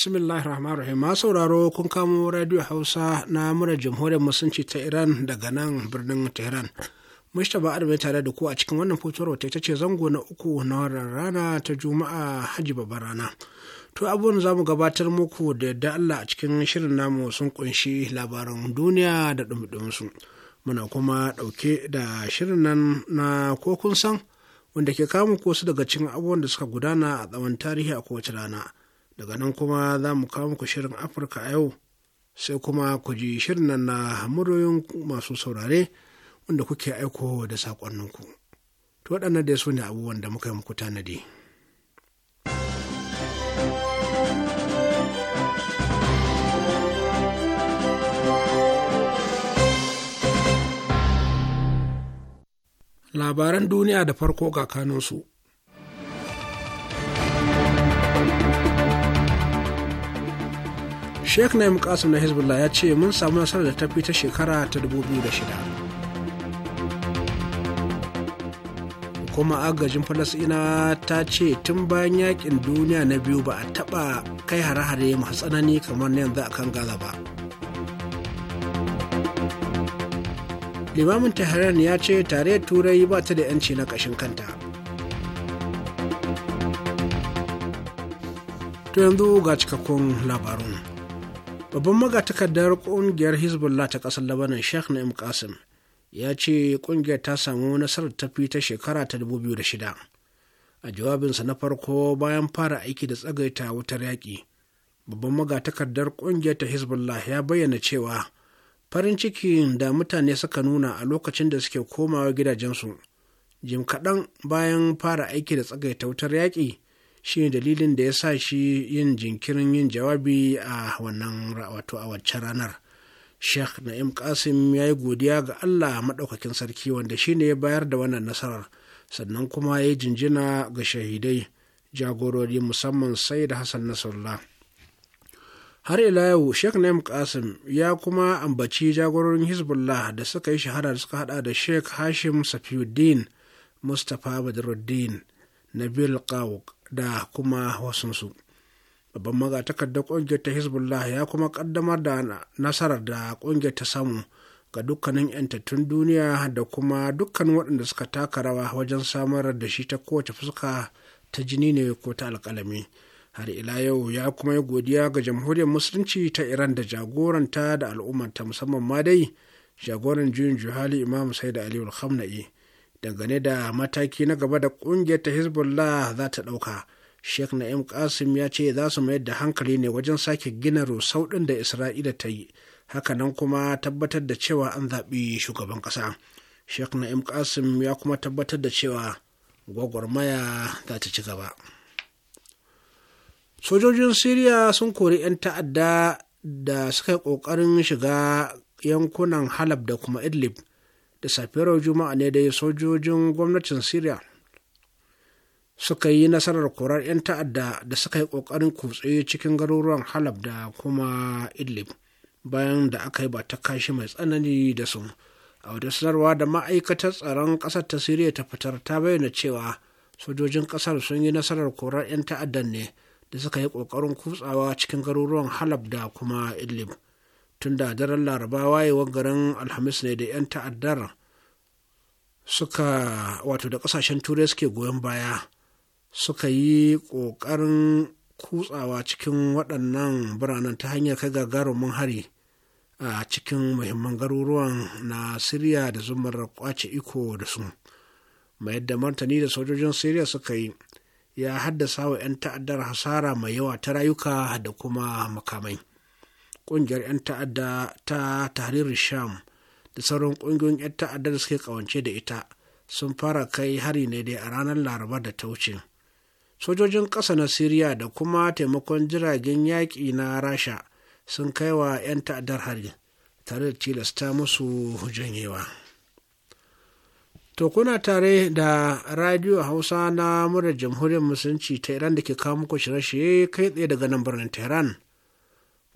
bismillahir rahmanir rahim ma sauraro kun kamo radio hausa na mura jamhuriyar musulunci ta iran daga nan birnin tehran ba adamu tare da ku a cikin wannan fitowar wata ita ce zango na uku na wannan rana ta juma'a hajji babbar rana to abubuwan za mu gabatar muku da yadda allah a cikin shirin namu sun kunshi labaran duniya da dumdum muna kuma dauke da shirin nan na ko kun san wanda ke kamun ko su daga cikin abubuwan da suka gudana a tsawon tarihi a kowace rana daga nan kuma za mu kawo muku shirin afirka a yau sai kuma ku ji shirin nan na muryoyin masu saurare wanda kuke aiko da saƙonninku to waɗannan dai su ne abubuwan da muka yi muku tanadi labaran duniya da farko ga kanunsu sheikh naim kasim na hezbollah ya ce mun samu nasarar da ta fi ta shekara ta 2006 kuma agajin falasina ta ce tun bayan yakin duniya na biyu ba a taba kai hare-hare masu tsanani kamar na yanzu akan gaza ba limamin tehran ya ce tare turai ba ta da 'yanci na ƙashin kanta to yanzu ga cikakkun labarun babban magatakardar kungiyar hezbollah ta kasar labanan sheikh na kasim ya ce kungiyar ta samu nasarar tafi ta shekara ta 2006 a jawabinsa na farko bayan fara aiki da tsagaita wutar yaƙi babban magatakardar kungiyar ta hezbollah ya bayyana cewa farin cikin da mutane suka nuna a lokacin da suke komawa gidajensu jim kaɗan bayan fara aiki da tsagaita wutar yaƙi Shi ne dalilin da ya sa shi yin jinkirin yin jawabi a wannan wato a wacce ranar sheikh na'im kasim ya yi godiya ga allah maɗaukakin sarki wanda shi ne ya bayar da wannan nasarar sannan kuma ya yi jinjina ga shahidai jagorori musamman sai da hassan nasarullah har ila yau sheikh na'im kasim ya kuma ambaci jagororin hezbollah da suka yi shahara da suka hada da sheikh hashim safiuddin mustapha badruddin nabil kawuk da kuma wasunsu babban magatakardar ƙungiyar ta hezbollah ya kuma ƙaddamar da nasarar da ƙungiyar ta samu ga dukkanin 'yantattun duniya da kuma dukkan waɗanda suka taka rawa wajen samar da shi ta kowace fuska ta jini ne ko ta alƙalami har ila yau ya kuma yi godiya ga jamhuriyar musulunci ta iran da jagoranta da al'ummarta musamman ma dai jagoran juyin juhali imam sai da aliyu alhamna'i dangane da mataki na gaba da ƙungiyar ta hezbollah za ta ɗauka sheikh na'im kasim ya ce za su mayar da hankali ne wajen sake gina rusau ɗin da isra'ila ta yi hakanan kuma tabbatar da cewa an zaɓi shugaban ƙasa sheikh na'im kasim ya kuma tabbatar da cewa gwagwarmaya za ta ci gaba sojojin siriya sun kori 'yan ta'adda da suka yi ƙoƙarin shiga yankunan halab da kuma idlib da safiyar juma'a ne dai sojojin gwamnatin syria suka yi nasarar korar 'yan ta'adda da suka yi ƙoƙarin kutse cikin garuruwan halab da kuma idlib bayan da aka yi ba ta kashi mai tsanani da su a wata sanarwa da ma'aikatar tsaron ƙasar ta siriya ta fitar ta bayyana cewa sojojin ƙasar sun yi nasarar korar 'yan ta'addan ne da suka yi ƙoƙarin kutsawa cikin garuruwan halab da kuma idlib tun da daren laraba wayewar garin alhamis ne da 'yan ta'addar suka wato da kasashen turai suke goyon baya suka yi ƙoƙarin kutsawa cikin waɗannan biranen ta hanyar kai gagarumin hari a cikin muhimman garuruwan na siriya da zumar kwace iko da su mai yadda martani da sojojin siriya suka yi ya haddasa wa 'yan ta'addar hasara mai yawa ta rayuka da kuma makamai ƙungiyar 'yan ta'adda ta tahrir sham da sauran ƙungiyoyin 'yan ta'adda da suke kawance da ita sun fara kai hari ne dai a ranar laraba da ta wuce sojojin ƙasa na siriya da kuma taimakon jiragen yaƙi na rasha sun kai wa 'yan ta'addar hari tare da tilasta musu janyewa to kuna tare da radio hausa na murar jamhuriyar musulunci ta iran da ke kawo muku shirye-shirye kai tsaye daga nan birnin tehran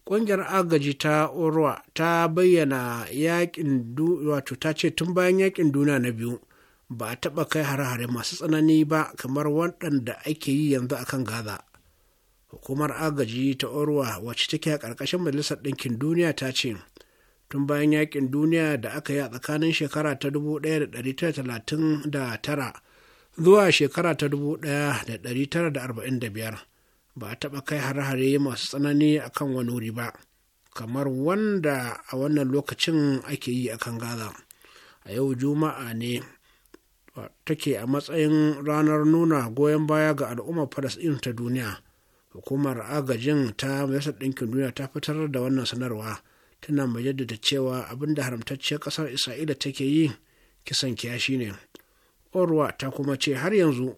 ƙungiyar agaji ta orwa ta bayyana yakin wato ta ce tun bayan yakin duniya na biyu ba a taɓa kai hare-hare masu tsanani ba kamar waɗanda ake yi yanzu akan gaza hukumar agaji ta orwa wacce take a ƙarƙashin majalisar ɗinkin duniya ta ce tun bayan yakin duniya da aka yi a tsakanin shekara ta tara zuwa shekara ta biyar. ba a taɓa kai hare-hare masu tsanani a kan wani wuri ba kamar wanda a wannan lokacin ake yi a kan gaza a yau juma'a ne take a matsayin ranar nuna goyon baya ga al'ummar falasɗin ta duniya hukumar agajin ta majalisar ɗinkin duniya ta fitar da wannan sanarwa tana mai jaddada cewa abin da haramtacciyar ƙasar isra'ila take yi kisan kiyashi ne orwa ta kuma ce har yanzu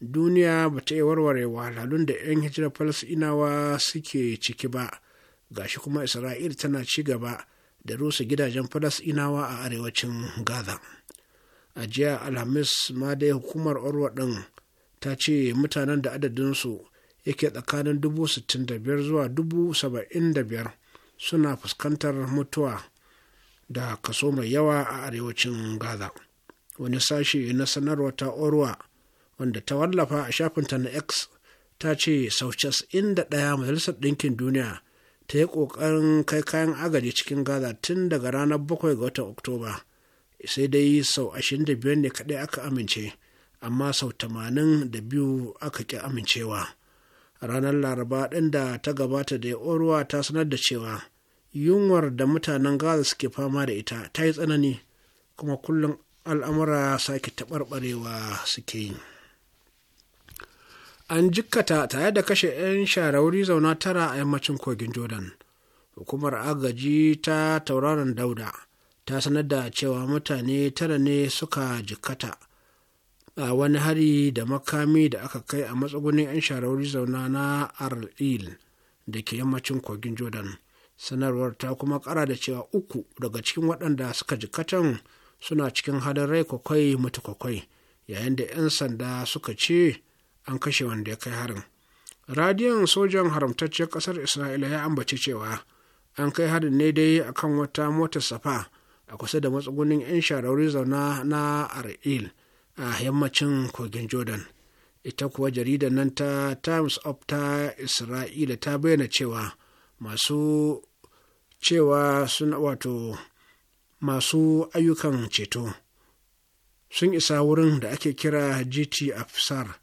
duniya ba ta yi warware wahalhalun da 'yan hijirar falasinawa suke ciki ba ga shi kuma isra'il tana ci gaba da rusa gidajen falasinawa a arewacin gaza a jiya alhamis ma dai hukumar orwa din ta ce mutanen da adadinsu yake tsakanin dubu sittin zuwa dubu saba'in suna fuskantar mutuwa da kaso mai yawa a arewacin gaza wani sashe na sanarwa ta orwa wanda ta wallafa a shafinta na x ta ce sau da ɗaya majalisar ɗinkin duniya ta yi ƙoƙarin kai kayan agaji cikin gaza tun daga ranar bakwai ga watan oktoba sai dai sau 25 ne kaɗai aka amince amma sau tamanin 82 aka ƙi amincewa ranar laraba ɗin da ta gabata da orwa ta sanar da cewa yunwar da mutanen gaza suke fama da ita ta yi tsanani kuma kullum al'amura sake taɓarɓarewa suke yi. an jikkata tare da kashe 'yan sharauri zauna tara a yammacin kogin jordan hukumar agaji ta tauraron dauda ta sanar da cewa mutane tara ne suka jikkata a wani hari da makami da aka kai a matsugunin 'yan sharauri zauna na Arl da ke yammacin kogin jordan sanarwar ta kuma kara da cewa uku daga cikin waɗanda suka jikkatan suna cikin halin kwakwai mutu kwakwai yayin da 'yan sanda suka ce an kashe wanda ya kai harin radiyon sojan haramtacciyar ƙasar isra'ila ya ambaci cewa an kai harin ne dai akan wata motar safa a kusa da matsugunin 'yan sharauri zauna na ar'il a yammacin kogin jordan ita kuwa jaridar nan ta times of ta isra'ila ta bayyana cewa masu cewa sun wato masu ayyukan ceto sun isa wurin da ake kira gt afsar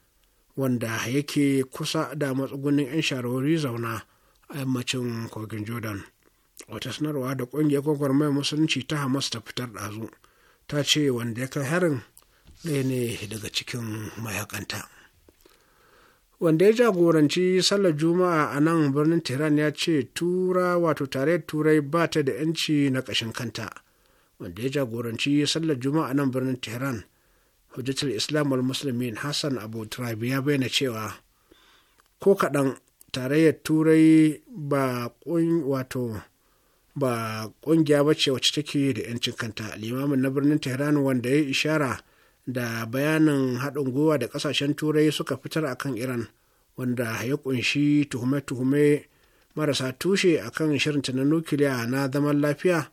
wanda yake kusa da matsugunin 'yan shawarwari zauna a yammacin kogin jordan wata sanarwa da ƙungiyar gwagwarmai musulunci ta hamas ta fitar ɗazu ta ce wanda ya kai harin ɗaya ne daga cikin mayakanta wanda ya jagoranci sallar juma'a a nan birnin tehran ya ce tura wato tare turai ba ta da yanci na kashin kanta wanda ya jagoranci sallar juma'a a nan birnin tehran hujjatar islamul musulmin hassan abu turabi ya bayyana cewa ko kaɗan tarayyar turai ba wato ba ƙungiya ba ce wacce take da 'yancin kanta limamin na birnin tehran wanda ya ishara da bayanin haɗin gwiwa da ƙasashen turai suka fitar a kan iran wanda ya ƙunshi tuhume-tuhume marasa tushe akan shirinta na nukiliya na zaman lafiya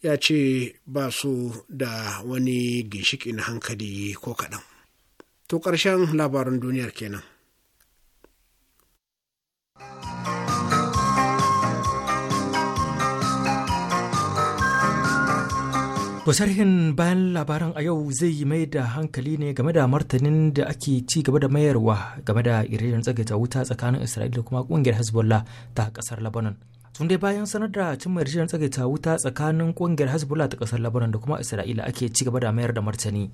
ya ce ba su da wani ginshiƙi hankali ko kaɗan. To ƙarshen labarin duniyar kenan. To bayan labaran a yau zai yi mai da hankali ne game da martanin da ake ci gaba da mayarwa game da irin tsagaita wuta tsakanin Isra'ila da kuma kungiyar Hezbollah ta kasar Lebanon. tun dai bayan sanar da cin mai tsage ta wuta tsakanin kungiyar hezbollah ta kasar labaran da kuma isra'ila ake ci gaba da mayar da martani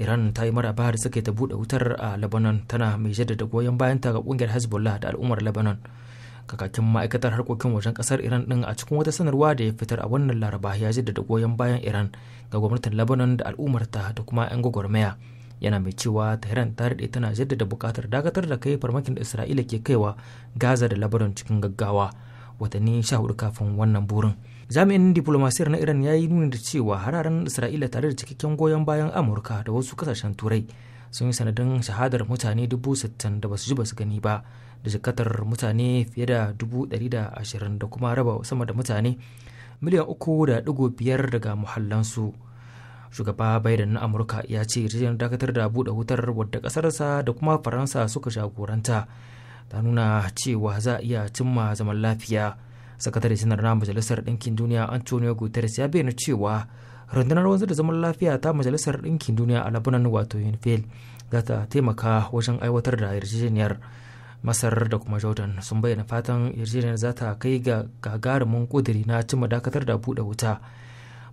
iran ta yi maraba da suke ta bude wutar a labanan tana mai jaddada goyon bayan ta ga kungiyar hezbollah da al'ummar labanan kakakin ma'aikatar harkokin wajen kasar iran din a cikin wata sanarwa da ya fitar a wannan laraba ya jaddada goyon bayan iran ga gwamnatin labanan da al'ummar ta da kuma 'yan gwagwarmaya yana mai cewa tehran ta daɗe tana jaddada bukatar dakatar da kai farmakin da isra'ila ke kaiwa gaza da labanan cikin gaggawa watanni sha hudu kafin wannan burin jami'in diplomasiyar na iran ya yi nuni da cewa hararen isra'ila tare da cikakken goyon bayan amurka da wasu kasashen turai sun yi sanadin shahadar mutane dubu sittin da basu ji basu gani ba da jikatar mutane fiye da dubu ɗari da ashirin da kuma raba sama da mutane miliyan uku da ɗigo biyar daga muhallansu shugaba biden na amurka ya ce rijiyar dakatar da buɗe wutar wadda ƙasarsa da kuma faransa suka jagoranta ta nuna cewa za a iya cimma zaman lafiya sakatare sanar na majalisar ɗinkin duniya antonio guterres ya bayyana cewa rundunar wanzar da zaman lafiya ta majalisar ɗinkin duniya a labanan wato unfil za ta taimaka wajen aiwatar da yarjejeniyar masar da kuma jordan sun bayyana fatan yarjejeniyar za ta kai ga gagarumin ƙudiri na cimma dakatar da buɗe wuta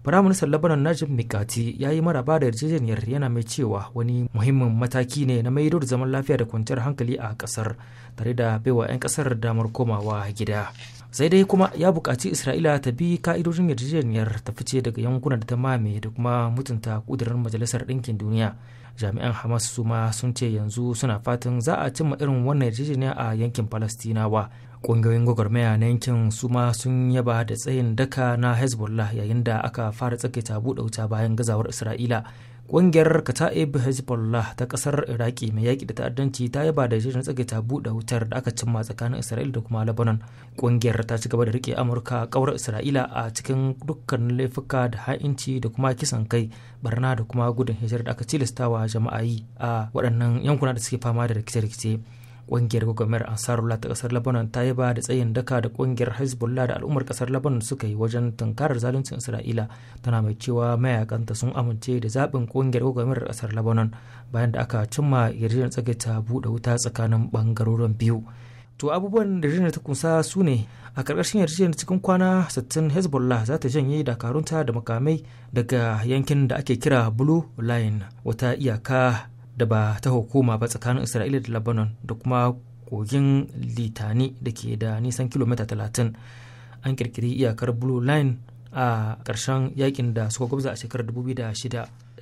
firaminista Lebanon Najib Mikati ya yi maraba da yarjejeniyar yana mai cewa wani muhimmin mataki ne na maido da zaman lafiya da kwanciyar hankali a kasar tare da baiwa 'yan kasar damar komawa gida. Sai dai kuma ya bukaci Isra'ila ta bi ka'idojin yarjejeniyar ta fice daga yankunan da ta mame da kuma mutunta ƙudurin Majalisar Ɗinkin Duniya. Jami'an Hamas su ma sun ce yanzu suna fatan za a cimma irin wannan yarjejeniya a yankin Falastinawa ƙungiyoyin gwagwarmaya na yankin su ma sun yaba da tsayin daka na hezbollah yayin da aka fara tsakaita buɗe wuta bayan gazawar isra'ila ƙungiyar kata'ib hezbollah ta ƙasar iraki mai yaƙi da ta'addanci ta yaba da shirin tsakaita buɗe wutar da aka cimma tsakanin isra'ila da kuma lebanon ƙungiyar ta ci gaba da rike amurka ƙaurar isra'ila a cikin dukkan laifuka da ha'inci da kuma kisan kai barna da kuma gudun hijira da aka tilastawa jama'a yi a waɗannan yankuna da suke fama da rikice-rikice ƙungiyar gwagwarmayar ansarullah ta kasar lebanon ta yi ba da tsayin daka da kungiyar hezbollah da al'ummar ƙasar lebanon suka yi wajen tunkarar zaluncin isra'ila tana mai cewa mayakanta sun amince da zaɓin ƙungiyar gwagwarmayar kasar lebanon bayan da aka cimma yarjejeniyar tsagaita buɗe wuta tsakanin ɓangarorin biyu to abubuwan da rijiyar ta kunsa su ne a ƙarƙashin yarjejeniyar cikin kwana 60 hezbollah za ta janye dakarunta da makamai daga yankin da ake kira blue line wata iyaka da ba ta hukuma ba tsakanin isra'ila da lebanon da kuma kogin litani da ke da nisan kilomita talatin an kirkiri iyakar blue line a ƙarshen yakin da suka gwabza a shekarar 2006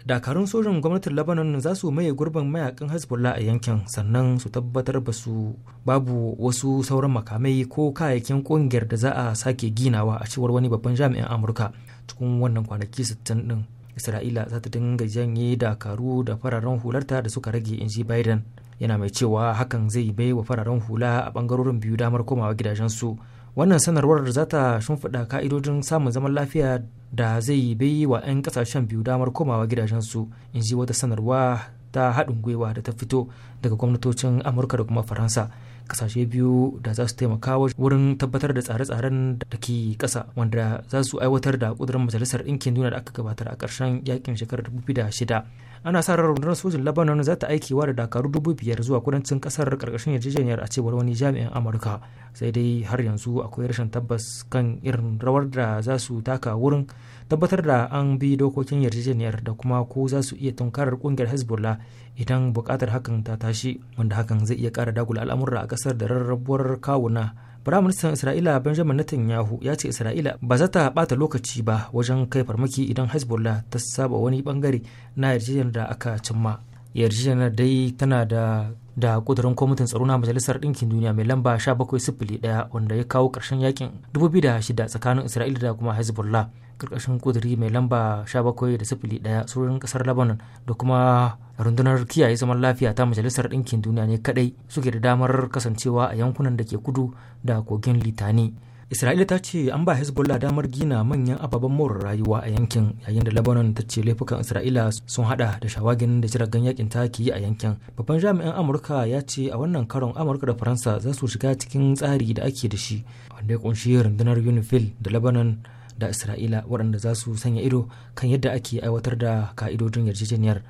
dakarun sojin gwamnatin lebanon za su maye gurbin mayakan hezbollah a yankin sannan su tabbatar ba su babu wasu sauran makamai ko kayayyakin ƙungiyar da za a sake ginawa a cewar wani babban jami'in amurka cikin wannan kwanaki sittin ɗin. isra'ila za ta dinga janye dakaru da fararen hularta da suka rage in ji biden yana mai cewa hakan zai bai wa fararen hula a bangarorin biyu damar komawa gidajensu wannan sanarwar za ta shimfiɗa ka'idojin samun zaman lafiya da zai bai wa 'yan kasashen biyu damar komawa gidajensu in ji wata sanarwa ta haɗin gwiwa da ta fito daga gwamnatocin amurka da kuma faransa kasashe biyu da za su taimaka wurin tabbatar da tsare-tsaren da ke kasa wanda za su aiwatar da kudurin majalisar ɗinkin duniya da aka gabatar a ƙarshen yakin shekarar da shida. ana sa ran rundunar sojin labanon za ta aikewa da dakaru dubu biyar zuwa kudancin kasar karkashin yarjejeniyar a cewar wani jami'in amurka sai dai har yanzu akwai rashin tabbas kan irin rawar da za su taka wurin tabbatar da an bi dokokin yarjejeniyar da kuma ko za su iya tunkarar kungiyar hezbollah idan bukatar hakan ta tashi wanda hakan zai iya kara dagula al'amura a kasar da rarrabuwar kawuna Firaministan Isra'ila Benjamin Netanyahu ya ce Isra'ila ba za ta bata lokaci ba wajen kai farmaki idan Hezbollah ta saba wani bangare na yarjejeniyar da aka cimma. Yarjejeniyar dai tana da da kudurin kwamitin tsaro na majalisar ɗinkin duniya mai lamba 1701 wanda ya kawo ƙarshen yakin 2006 tsakanin isra'ila da kuma hezbollah karkashin kuduri mai lamba 17 da sifili ɗaya tsoron kasar lebanon da kuma rundunar kiyaye zaman lafiya ta majalisar ɗinkin duniya ne kadai suke da damar kasancewa a yankunan da ke kudu da kogin litani isra'ila ta ce an ba hezbollah damar gina manyan ababen more rayuwa a yankin yayin da lebanon ta ce laifukan isra'ila sun hada da shawagin da jiragen yakin ta ke yi a yankin babban jami'in amurka ya ce a wannan karon amurka da faransa za su shiga cikin tsari da ake da shi wanda ya kunshi rundunar unifil da lebanon da isra'ila waɗanda za su sanya ido kan yadda ake aiwatar da ka'idojin yarjejeniyar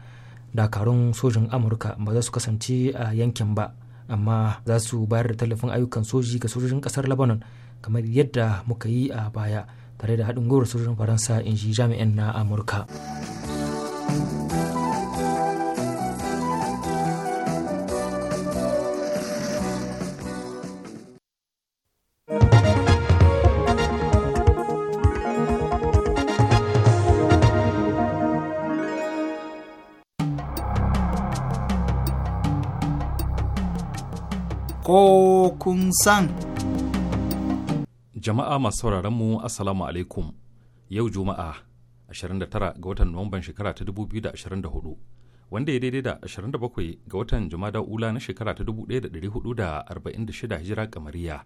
dakarun sojin amurka ba za su kasance a yankin ba amma za su bayar da tallafin ayyukan soji ga sojojin ƙasar lebanon kamar yadda muka yi a baya tare da haɗin gwiwar sojojin faransa in ji jami'in na amurka ko kun san. Jama'a masu sauraron mu Assalamu alaikum yau Juma'a 29 ga watan Nuwamban shekara ta 2024 wanda ya daidai da 27 ga watan Jumada Ula na shekara ta 1446 hijira kamariya.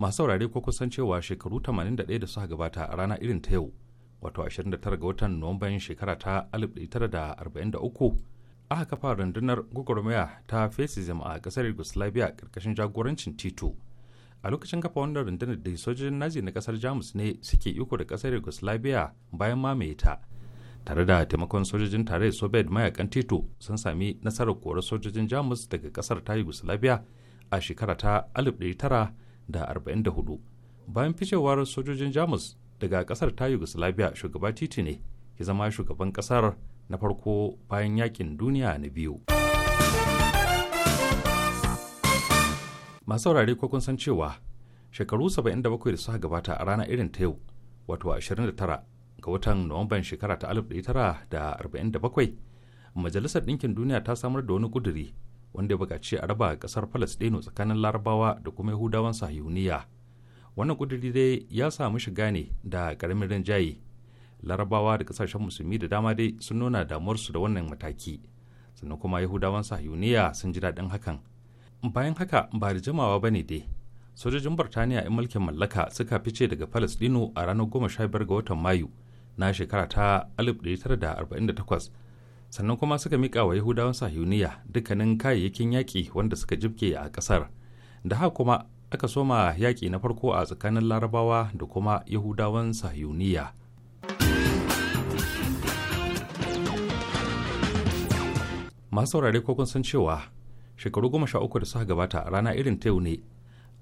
Masu saurare ko kusan cewa shekaru 81 da suka gabata a rana irin ta yau wato 29 ga watan Nuwamban shekara ta 1943 aka kafa rundunar gwagwarmaya ta fascism a kasar yugoslavia karkashin jagorancin tito a lokacin kafa wannan rundunar da sojojin nazi na kasar jamus ne suke iko da kasar yugoslavia bayan mamaye ta tare da taimakon sojojin tare soviet mayakan tito sun sami nasarar korar sojojin jamus daga kasar ta yugoslavia a shekara ta 1944 bayan ficewar sojojin jamus daga kasar ta yugoslavia shugaba titi ne ya zama shugaban kasar na farko bayan yakin duniya na biyu. Masu saurare ko kun san cewa shekaru 77 da suka gabata a rana irin ta yau wato 29 ga watan Nuwamban shekara ta 1947 Majalisar Ɗinkin Duniya ta samar da wani ƙuduri wanda ya buƙaci a raba ƙasar Falasɗinu tsakanin Larabawa da kuma Yahudawan Sahiyuniya. Wannan ƙuduri dai ya samu shiga ne da ƙaramin rinjaye larabawa da kasashen musulmi da dama dai sun nuna damuwarsu da wannan mataki sannan kuma yahudawan sahiyuniya sun ji daɗin hakan bayan haka ba da jimawa ba ne dai sojojin birtaniya in mulkin mallaka suka fice daga palestino a ranar goma sha 15 ga watan mayu na shekara ta 1948 sannan kuma suka mika wa yahudawan sahiyuniya dukkanin kayayyakin yaƙi wanda suka jibge a ƙasar da haka kuma aka soma yaƙi na farko a tsakanin larabawa da kuma yahudawan sahiyuniya masu saurare ko kun san cewa shekaru goma sha uku da suka gabata rana irin ta yau ne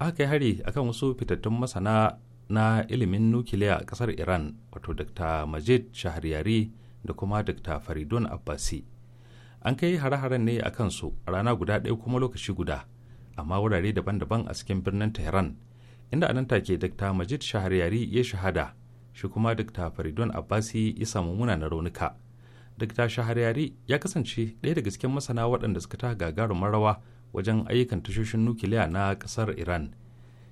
aka kai hari akan wasu fitattun masana na ilimin nukiliya a kasar iran wato dr majid shahariyari da kuma dr faridun abbasi an kai hare-haren ne a kansu a rana guda ɗaya kuma lokaci guda amma wurare daban-daban a cikin birnin tehran inda a nan take dr majid shahariyari ya shahada shi kuma dr faridun abbasi ya samu munanan raunuka duk yare ya kasance ɗaya daga cikin masana waɗanda suka ta gagarumin rawa wajen ayyukan tashoshin nukiliya na ƙasar iran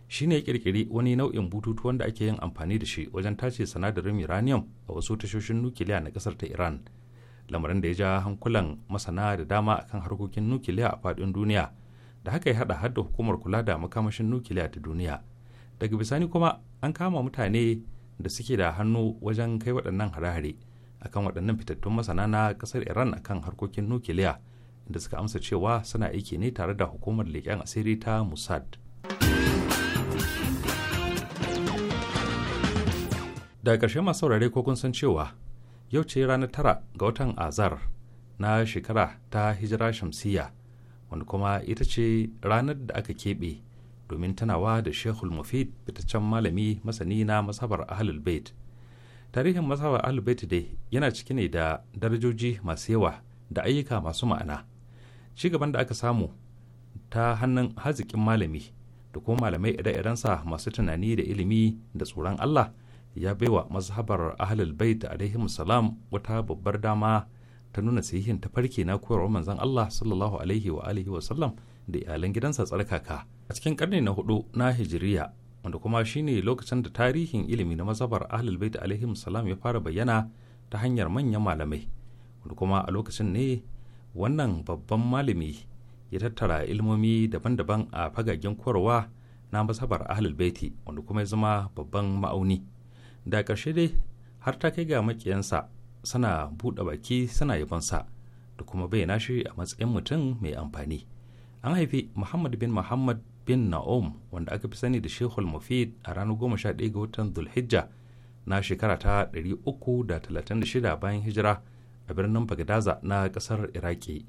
shi ne ƙirƙiri wani nau'in bututu wanda ake yin amfani da shi wajen tace sanadarin uranium a wasu tashoshin nukiliya na ƙasar ta iran lamarin da ya ja hankulan masana da dama akan harkokin nukiliya a faɗin duniya da haka ya haɗa har da hukumar kula da makamashin nukiliya ta duniya daga bisani kuma an kama mutane da suke da hannu wajen kai waɗannan hare-hare akan waɗannan fitattun masana na ƙasar iran akan harkokin nukiliya inda suka amsa cewa suna aiki ne tare da hukumar leƙen asiri ta musad daga ƙarshe masu saurare ko kun san cewa yau ce ranar tara ga watan azar na shekara ta hijira shamsiyya wanda kuma ita ce ranar da aka keɓe domin tanawa da shehul mufid fitaccen malami masani na masabar ahlul bait tarihin mazhabar ahlul dai yana cike ne da darajoji masu yawa da ayyuka masu ma'ana ci gaban da aka samu ta hannun hazikin malami da kuma malamai ire-irensa masu tunani da ilimi da tsoron Allah ya baiwa mazhabar ahlul bait alaihim salam wata babbar dama ta nuna sahihin tafarki na koyarwa manzan Allah sallallahu alaihi wa alihi wa sallam da iyalan gidansa tsarkaka a cikin karni na hudu na hijiriya wanda kuma shine lokacin da tarihin ilimi na mazhabar ahlul bait alaihim salam ya fara bayyana ta hanyar manyan malamai wanda kuma a lokacin ne wannan babban malami ya tattara ilmomi daban-daban a fagagen korowa na mazhabar ahlul baiti wanda kuma ya zama babban ma'auni da ƙarshe dai har ta kai ga makiyansa suna buɗe baki suna bansa da kuma bayyana shi a matsayin mutum mai amfani an haifi muhammad bin muhammad bin na'om wanda aka fi sani da shehul mufid a ranar goma sha 11 ga watan zulhijja na shekara ta 336 bayan hijira a birnin bagdaza na kasar iraki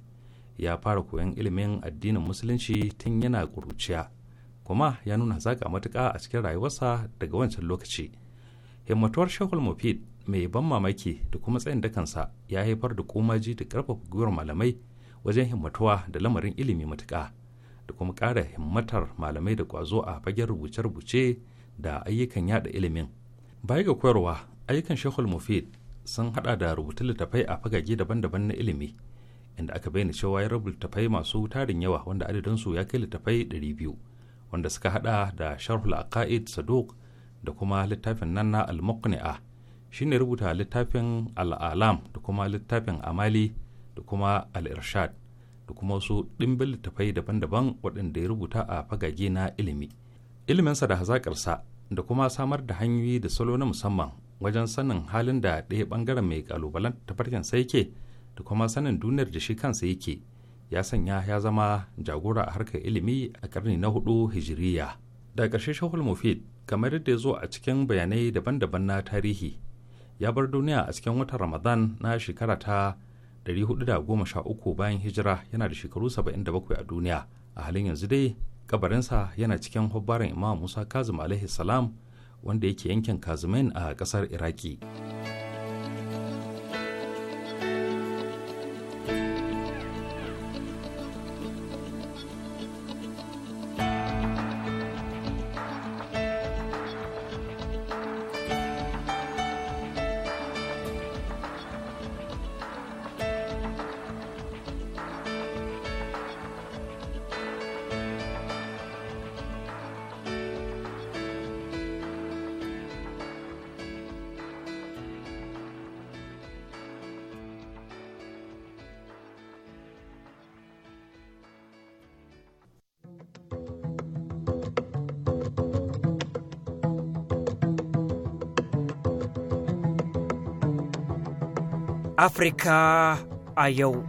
ya fara koyon ilimin addinin musulunci tun yana ƙuruciya kuma ya nuna zaƙa matuƙa a cikin rayuwarsa daga wancan lokaci himmatuwar shehul mufid mai ban mamaki da kuma tsayin dakansa ya haifar da komaji da ƙarfafa gwiwar malamai wajen himmatuwa da lamarin ilimi matuƙa da kuma ƙara himmatar malamai da ƙwazo a fagen rubuce-rubuce da ayyukan yada ilimin baya ga koyarwa ayyukan shehul mufid sun hada da rubutun littafai a fagage daban-daban na ilimi inda aka bayyana cewa ya rubuta littafai masu tarin yawa wanda adadinsu ya kai littafai biyu wanda suka hada da sharhul aqaid saduq da kuma littafin nan na al-muqni'a shine rubuta littafin al-alam da kuma littafin amali da kuma al-irshad da kuma wasu ɗimbin littattafai daban-daban waɗanda ya rubuta a fagage na ilimi iliminsa da hazaƙarsa da kuma samar da hanyoyi da salo na musamman wajen sanin halin da ɗaya ɓangaren mai ƙalubalen tafarkin sa yake da kuma sanin duniyar da shi kansa yake ya sanya ya zama jagora a harkar ilimi a ƙarni na hudu hijiriya daga ƙarshe shahul mufid kamar yadda ya zo a cikin bayanai daban-daban na tarihi ya bar duniya a cikin watan ramadan na shekara ta 413 bayan hijira yana da shekaru 77 a duniya a halin yanzu dai kabarinsa yana cikin hobbarin imam musa kazim alaihi salam wanda yake yankin kazimin a kasar iraki Afirka aí eu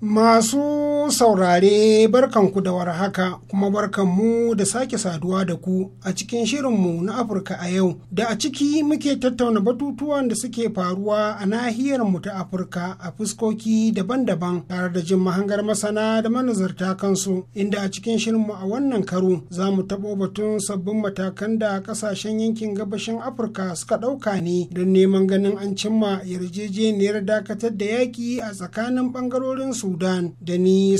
Masu Masu saurare barkanku da warhaka kuma barkanmu da sake saduwa da ku a cikin shirinmu na Afirka a yau da a ciki muke tattauna batutuwan da suke faruwa a nahiyarmu ta Afirka a fuskoki daban-daban tare da jin mahangar masana da manazarta kansu inda a cikin shirinmu a wannan karo za mu taɓo batun sabbin matakan da ƙasashen yankin gabashin Afirka suka ɗauka ne don neman ganin an cimma yarjejeniyar dakatar da yaƙi a tsakanin ɓangarorin Sudan da ni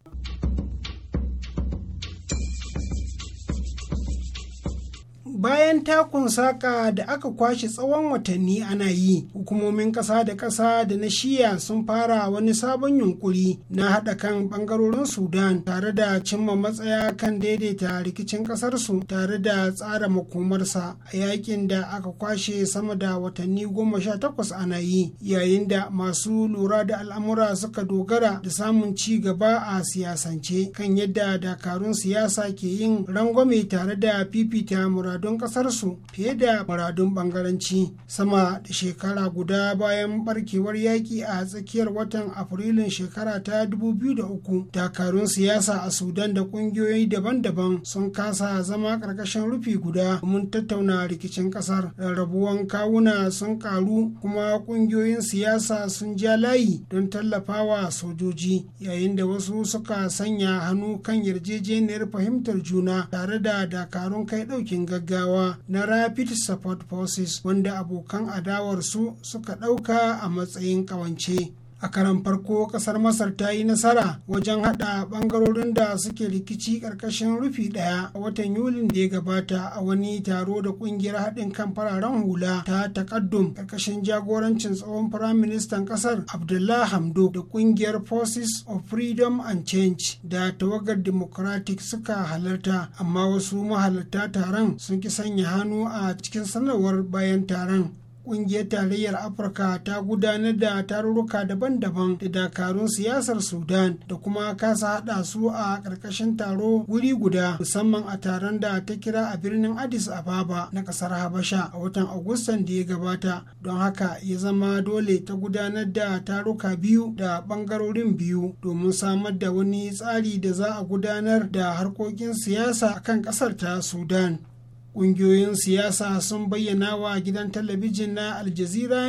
bayan takun saƙa da aka kwashe tsawon watanni ana yi hukumomin ƙasa da ƙasa da na shiya sun fara wani sabon yunkuri na haɗa kan ɓangarorin sudan tare da cimma matsaya kan daidaita rikicin ƙasarsu tare da tsara makomarsa a yakin da aka kwashe sama da watanni goma sha takwas ana yi yayin da masu lura da al'amura suka dogara da samun ci gaba a siyasance kan yadda dakarun siyasa ke yin rangwame tare da fifita muradun muradun ƙasarsu fiye da muradun ɓangaranci sama da shekara guda bayan barkewar yaƙi a tsakiyar watan afrilun shekara ta 2003 dakarun siyasa a sudan da ƙungiyoyi daban-daban sun kasa zama ƙarƙashin rufi guda domin tattauna rikicin ƙasar rarrabuwan kawuna sun ƙaru kuma ƙungiyoyin siyasa sun ja layi don tallafawa sojoji yayin da wasu suka sanya hannu kan yarjejeniyar fahimtar juna tare da dakarun kai ɗaukin gagga. adawa na rapid support forces wanda abokan adawarsu suka ɗauka a matsayin ƙawance a karan farko kasar masar ta yi nasara wajen hada bangarorin da suke rikici karkashin rufi daya a watan yulin da ya gabata a wani taro da kungiyar haɗin kan fararen hula ta takaddum karkashin jagorancin tsohon firaministan kasar abdullah hamdo da kungiyar forces of freedom and change da tawagar democratic suka halarta amma wasu mahalarta taron sun ki sanya hannu a cikin sanarwar bayan taron Ƙungiyar Tarayyar Afirka ta gudanar da tarurruka daban-daban da dakarun siyasar Sudan da kuma kasa haɗa su a ƙarƙashin taro wuri guda musamman a taron da ta kira a birnin Addis Ababa na ƙasar Habasha a watan Agustan da ya gabata don haka ya zama dole ta gudanar da taruka biyu da ɓangarorin biyu domin samar da wani tsari da za a gudanar da harkokin siyasa a kan ƙasar ta Sudan. Ƙungiyoyin siyasa sun bayyana wa gidan talabijin na Al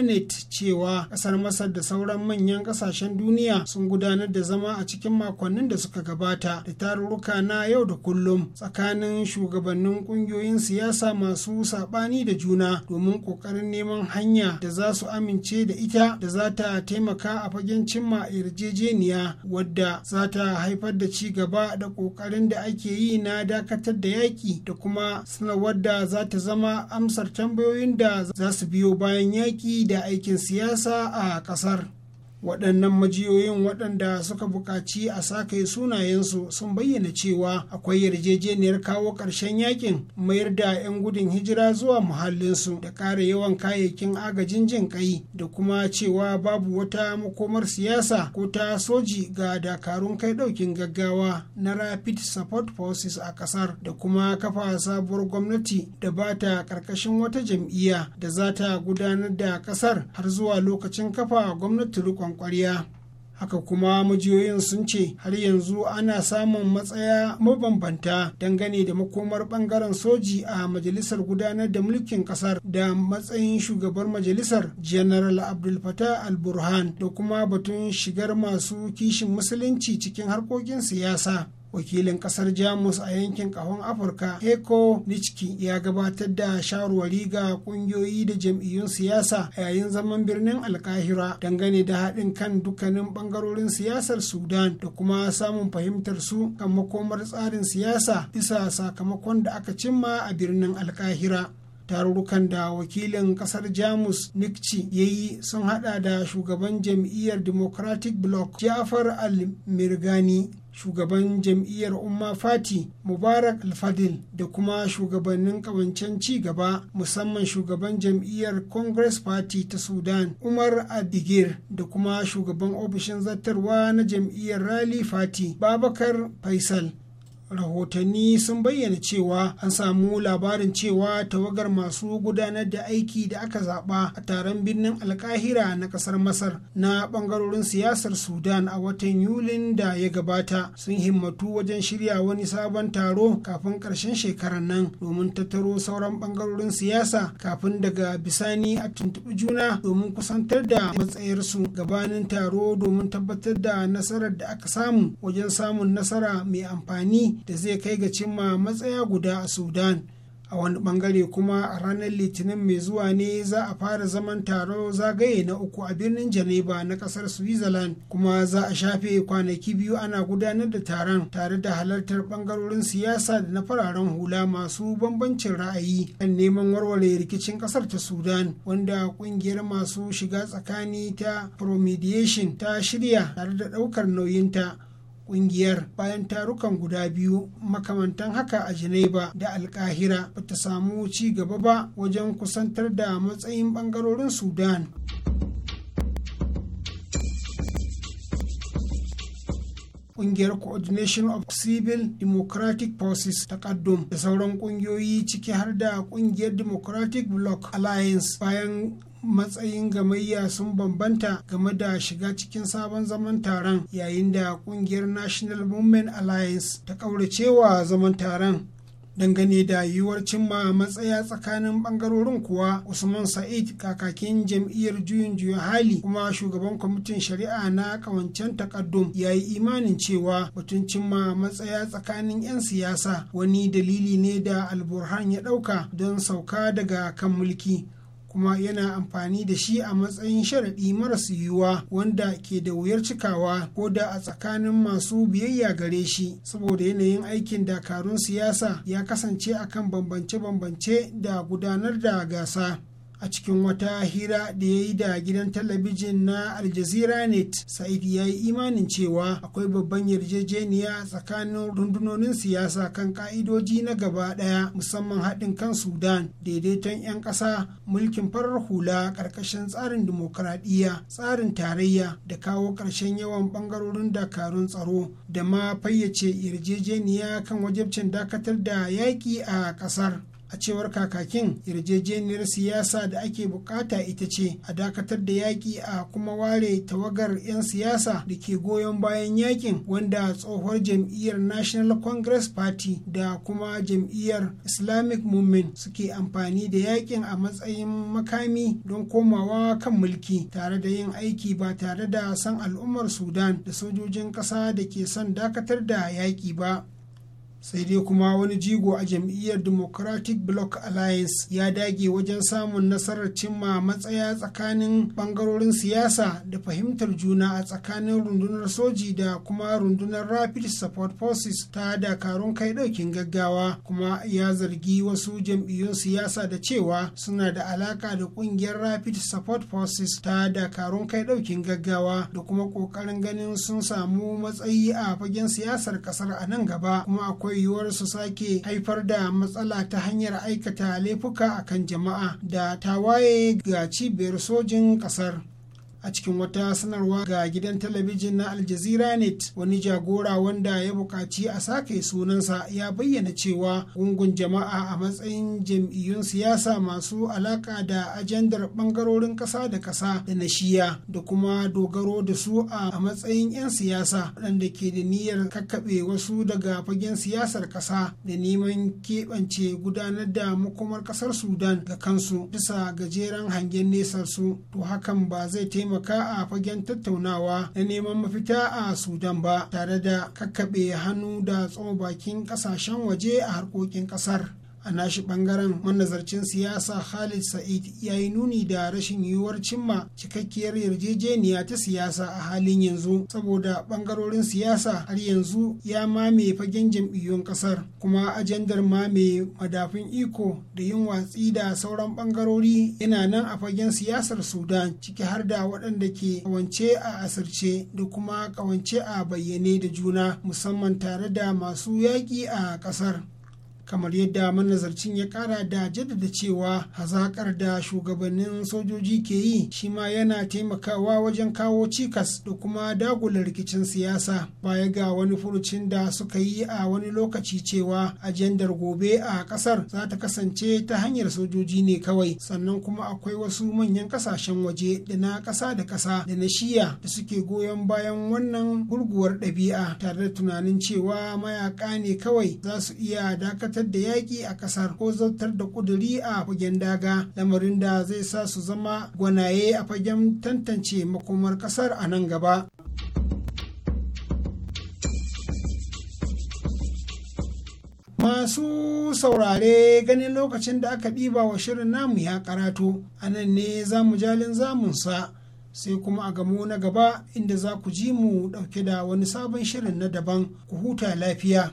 Net cewa ƙasar Masar da sauran manyan ƙasashen duniya sun gudanar da zama a cikin makonnin da suka gabata da tarurruka na yau da kullum tsakanin shugabannin ƙungiyoyin siyasa masu saɓani da juna domin ƙoƙarin neman hanya da za su amince da ita da za ta taimaka a fagen cimma yarjejeniya wadda za ta haifar da ci gaba da ƙoƙarin da ake yi na dakatar da yaƙi da kuma sanarwar wadda za ta zama amsar tambayoyin da za su biyo bayan yaƙi da aikin siyasa a ƙasar. waɗannan majiyoyin waɗanda suka buƙaci a sake sunayensu sun bayyana cewa akwai yarjejeniyar kawo ƙarshen yakin mayar da 'yan gudun hijira zuwa muhallinsu da ƙara yawan kayayyakin agajin jin ƙai da kuma cewa babu wata makomar siyasa ko ta soji ga dakarun kai ɗaukin gaggawa na rapid support forces a ƙasar da kuma kafa sabuwar gwamnati da ba ta ƙarƙashin wata jam'iyya da za ta gudanar da ƙasar har zuwa lokacin kafa gwamnati rikon. riƙon haka kuma majiyoyin sun ce har yanzu ana samun matsaya mabambanta dangane da makomar bangaren soji a majalisar gudanar da mulkin kasar da matsayin shugabar majalisar general abdul fatah al-burhan da kuma batun shigar masu kishin musulunci cikin harkokin siyasa wakilin kasar jamus a yankin kahon afirka eko nitschke ya gabatar da shawarwari ga kungiyoyi da jam'iyyun siyasa a yayin zaman birnin alkahira dangane da haɗin kan dukkanin ɓangarorin siyasar sudan da kuma samun fahimtar su kan makomar tsarin siyasa bisa sakamakon da aka cimma a birnin alkahira tarurrukan da wakilin kasar jamus nikci ya yi sun hada da shugaban jam'iyyar democratic bloc jafar al-mirgani shugaban jam'iyyar umma fati mubarak alfadil da kuma shugabannin kawancen ci gaba musamman shugaban jam'iyyar congress party ta sudan umar adigir da kuma shugaban ofishin zartarwa na jam'iyyar rally fati babakar faisal rahotanni sun bayyana cewa an samu labarin cewa tawagar masu gudanar da aiki da aka zaɓa a taron birnin alkahira na ƙasar masar na ɓangarorin siyasar sudan a watan yulin da ya gabata sun himmatu wajen shirya wani sabon taro kafin ƙarshen shekarar nan domin tattaro sauran ɓangarorin siyasa kafin daga bisani a tuntuɓi juna domin kusantar da matsayarsu gabanin taro domin tabbatar da nasarar da aka samu wajen samun nasara mai amfani da zai kai ga cimma matsaya guda a sudan a wani bangare kuma a ranar litinin mai zuwa ne za a fara zaman taro zagaye na uku a birnin janeba na kasar switzerland kuma za a shafe kwanaki biyu ana gudanar da taron tare da halartar bangarorin siyasa da na fararen hula masu bambancin ra'ayi kan neman warware rikicin kasar ta sudan wanda kungiyar masu shiga tsakani ta promediation ta shirya tare da daukar nauyinta kungiyar bayan tarukan guda biyu makamantan haka a Geneva da alkahira ta samu ci gaba ba wajen kusantar da matsayin bangarorin Sudan. kungiyar coordination of civil democratic forces ta ƙaddum da sauran ƙungiyoyi ciki har da ƙungiyar democratic bloc alliance bayan matsayin gamayya sun bambanta game da shiga cikin sabon zaman taron yayin da kungiyar national movement alliance ta kauracewa zaman taron dangane da yiwuwar cimma matsaya tsakanin bangarorin kuwa usman sa'id kakakin jam'iyyar juyin juyin hali kuma shugaban kwamitin shari'a na kawancen takaddum ya yi imanin cewa batun cimma matsaya tsakanin 'yan siyasa wani dalili ne da alburhan ya ɗauka don sauka daga kan mulki kuma yana amfani da shi a matsayin sharaɗi maras yiwuwa wanda ke da wuyar cikawa ko da a tsakanin masu biyayya gare shi saboda yanayin aikin dakarun siyasa ya kasance akan bambance-bambance da gudanar da gasa a cikin wata hira da ya yi da gidan talabijin na aljazeera net sa'id ya yi imanin cewa akwai babban yarjejeniya tsakanin rundunonin siyasa kan ka'idoji na gaba daya musamman haɗin kan sudan daidaiton 'yan ƙasa mulkin farar hula ƙarƙashin tsarin dimokuraɗiyya tsarin tarayya da kawo ƙarshen yawan ɓangarorin dakarun tsaro da ma fayyace yarjejeniya kan wajibcin dakatar da yaƙi a ƙasar a cewar kakakin yarjejeniyar siyasa da ake bukata ita ce a dakatar da yaƙi a kuma ware tawagar 'yan siyasa da ke goyon bayan yakin wanda tsohuwar jam'iyyar national congress party da kuma jam'iyyar islamic movement suke amfani da yakin a matsayin makami don komawa kan mulki tare da yin aiki ba tare da san al'ummar sudan da sojojin ƙasa da ke son dakatar da yaƙi ba sai dai kuma wani jigo a jam'iyyar democratic bloc alliance ya dage wajen samun nasarar cimma matsaya tsakanin bangarorin siyasa da fahimtar juna a tsakanin rundunar soji da kuma rundunar rapid support forces ta dakarun kai daukin gaggawa kuma ya zargi wasu jam'iyyun siyasa da cewa suna da alaka da kungiyar rapid support forces ta dakarun kai daukin gaggawa da kuma kokarin ganin sun samu matsayi a fagen siyasar kasar a nan gaba kuma akwai akwai yiwuwar su sake haifar da matsala ta hanyar aikata laifuka akan jama'a da tawaye ga cibiyar sojin ƙasar a cikin wata sanarwa ga gidan talabijin na aljazira net wani jagora wanda ya buƙaci a sake sunansa ya bayyana cewa gungun jama'a a matsayin jam'iyyun siyasa masu alaƙa da ajandar ɓangarorin ƙasa da ƙasa da na shiya da kuma dogaro da su a matsayin 'yan siyasa waɗanda ke da niyyar kakkaɓe wasu daga fagen siyasar ƙasa da neman keɓance gudanar da makomar ƙasar sudan ga kansu bisa gajeren hangen nesa su to hakan ba zai taimaka taimaka a fagen tattaunawa na neman mafita a sudan ba tare da kakkaɓe hannu da tsoma bakin ƙasashen waje a harkokin ƙasar a nashi bangaren manazarcin siyasa khalid sa'id ya yi nuni da rashin yiwuwar cimma cikakkiyar yarjejeniya ta siyasa a halin yanzu saboda bangarorin siyasa har yanzu ya mame fagen jam'iyyun kasar kuma ajandar mame madafin iko da yin watsi da sauran bangarori yana nan a fagen siyasar sudan ciki har da waɗanda ke kawance a asirce da kuma kawance a bayyane da juna musamman tare da masu yaƙi a ƙasar kamar yadda manazarcin ya kara da jaddada cewa hazakar da shugabannin sojoji ke yi shi ma yana taimakawa wajen kawo cikas da kuma dagula rikicin siyasa baya ga wani furucin da suka yi a wani lokaci cewa ajandar gobe a kasar za ta kasance ta hanyar sojoji ne kawai sannan kuma akwai wasu manyan kasashen waje da na kasa da kasa da na shiya da suke goyon bayan wannan gurguwar ɗabi'a tare da tunanin cewa mayaka ne kawai za su iya dakatar fitar da yaƙi a ƙasar ko zartar da ƙuduri a fagen daga lamarin da zai sa su zama gwanaye a fagen tantance makomar ƙasar a nan gaba. masu saurare ganin lokacin da aka ɗiba wa shirin namu ya karatu a nan ne za mu jalin zamunsa sai kuma a gamo na gaba inda za ku ji mu ɗauke da wani sabon shirin na daban ku huta lafiya.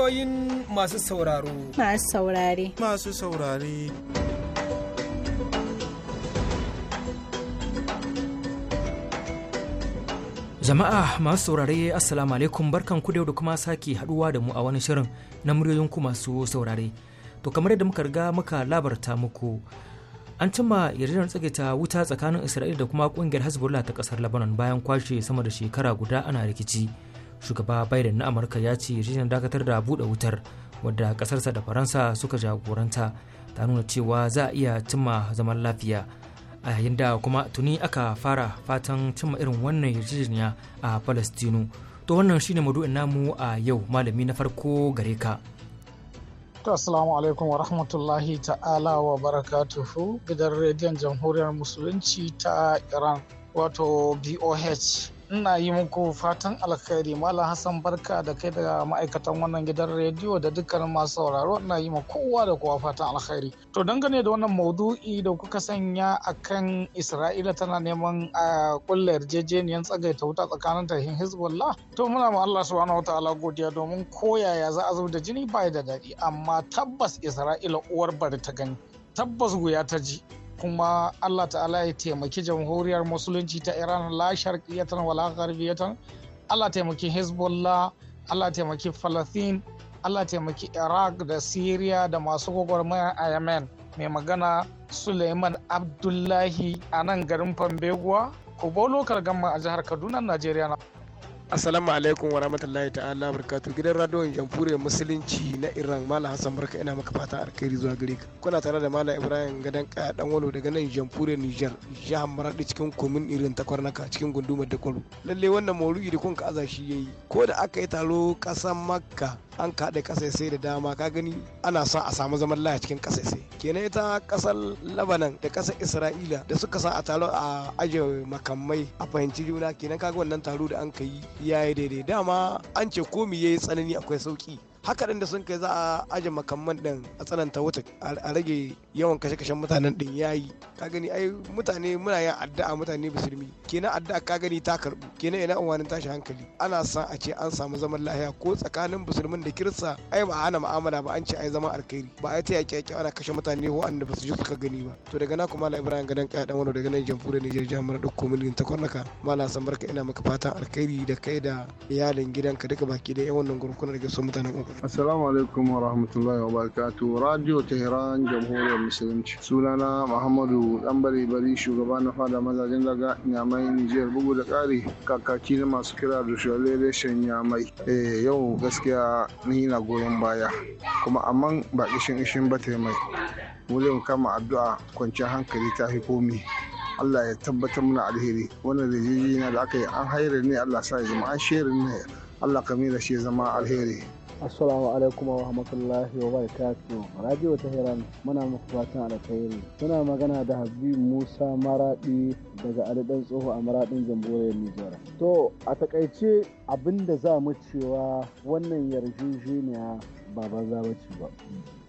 Muryoyin masu sauraro. Masu saurare. Masu saurare. Jama'a masu saurare Assalamu alaikum barkan ku da kuma sake haduwa da mu a wani shirin na muryoyin masu saurare. To kamar yadda muka riga muka labarta muku an cimma yarjejeniyar tsagaita wuta tsakanin Isra'ila da kuma kungiyar Hezbollah ta kasar Lebanon bayan kwashe sama da shekara guda ana rikici. shugaba biden na amurka ya ce yarjejeniyar dakatar da buɗe wutar wadda kasarsa da faransa suka jagoranta ta nuna cewa za a iya cimma zaman lafiya a yayin da kuma tuni aka fara fatan cimma irin wannan yarjejeniya a palestinu to wannan shine madu'in namu a yau malami na farko gare ka To assalamu alaikum wa rahmatullahi ta'ala wa barakatuhu gidan rediyon jamhuriyar musulunci ta Iran wato BOH ina yi muku fatan alkhairi malam hassan barka da kai da ma'aikatan wannan gidan rediyo da dukkan masu sauraro ina yi ma kowa da kowa fatan alkhairi to dangane da wannan maudu'i da kuka sanya akan isra'ila tana neman a kulle yarjejeniyar tsagaita wuta tsakanin tahin hezbollah to muna ma allah subhanahu ta'ala godiya domin koyaya za a zo da jini ba da daɗi amma tabbas isra'ila uwar bari ta gani tabbas guya ta ji kuma Allah ta'ala ya taimaki jamhuriyar musulunci ta Iran la sharqiyatan wala gharbiyatan Allah taimaki Hezbollah Allah taimaki Falastin Allah taimaki Iraq da Syria da masu gwagwarmaya a Yemen mai magana Suleiman Abdullahi a nan garin Fambeguwa, Kobo lokal gama a jihar Kaduna, Najeriya. Assalamu alaikum wa rahmatullahi ta'ala barkatu gidan radiyon jamfure musulunci na Iran Malam Hassan Barka ina maka fata alkhairi zuwa gare ka. Kuna tare da Malam Ibrahim Gadan Kaya dan Wano daga nan jamfure Niger jihar Maradi cikin komin irin ta naka cikin gundumar Dakoro. Lalle wannan maulidi da kun ka aza shi yayi. Ko da aka yi taro kasan Makka an kaɗe ƙasashe da dama ka gani ana sa a samu zaman lafiya cikin ƙasashe kenan ita ƙasar labanan da ƙasar isra'ila da suka sa a taro a ajiye makamai a fahimci juna kenan kaga wannan taro da an ka yi ya yi daidai dama an ce komi ya yi tsanani akwai sauki haka da sun kai za a aje makamman din a tsananta wuta a rage yawan kashe-kashen mutanen din yayi ka gani ai mutane muna yin addu'a mutane musulmi kenan addu'a ka gani ta karbu kenan ina uwanin tashi hankali ana son a ce an samu zaman lahiya ko tsakanin musulmin da kirista ai ba ana mu'amala ba an ce ai zaman alkhairi ba ai ta yaƙi yaƙi ana kashe mutane ko an ba su ji suka gani ba to daga na kuma la ibrahim gadan kaya dan wani daga nan jamhuriyar nijar jami'ar ɗauko miliyan ta kwarnaka mala san barka ina maka fatan alkhairi da kai da iyalin gidanka duka baki da yawan nan gurkunar da so mutanen Assalamu alaikum wa rahmatullahi wa barakatu. Radio Tehran Jamhuriyar Musulunci. Sunana Muhammadu dan Bari shugaba na fada mazajen daga Nyamai Nijiyar bugu da ƙari kakaki na masu kira da shaleleshen Nyamai. Eh yau gaskiya ni na goyon baya kuma amman ba ishin ishin ba ta mai. Wurin kama addu'a kwanciyar hankali ta fi komi. Allah ya tabbatar mana alheri wannan rijiji na da aka yi an haire ne Allah sa ya zama an shirin ne Allah ka shi zama alheri Assalamu alaikum wa rahmatullahi wa barakatu. Radio Tehran muna muku fatan alkhairi. suna magana da Habib Musa Maradi daga Aladan Tsoho a Maradin Jamhuriyar Nijar. To a takaice abinda za mu cewa wannan yarjejeniya ba banza ba ce ba.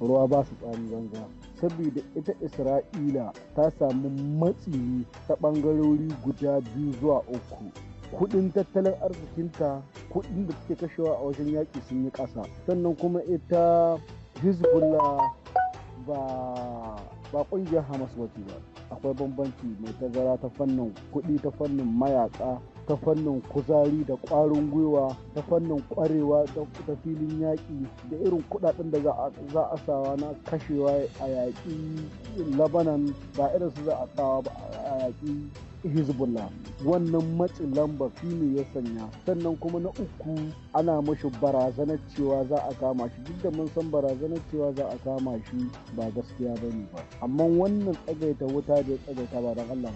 Ruwa ba su tsari banza. Saboda ita Isra'ila ta samu matsi ta bangarori guda biyu zuwa uku. kudin tattalin arzikinta kudin da take kashewa a wajen yaƙi sun yi ƙasa sannan kuma ita hezbollah ba ƙungiyar hamas wace ba akwai bambanci mai tazara ta fannin kuɗi ta fannin mayaka ta fannin kuzari da ƙwarin gwiwa ta fannin ƙwarewa da filin yaƙi da irin kuɗaɗen da za a sawa na kashewa a yaƙi labanan ba irin su za a sawa ba a yaƙi hezbollah wannan matsin lamba shi ne ya sanya sannan kuma na uku ana mashi barazanar cewa za a kama shi duk da mun san barazanar cewa za a kama shi ba gaskiya ba ne ba amma wannan tsagaita wuta da ya tsagaita ba don allah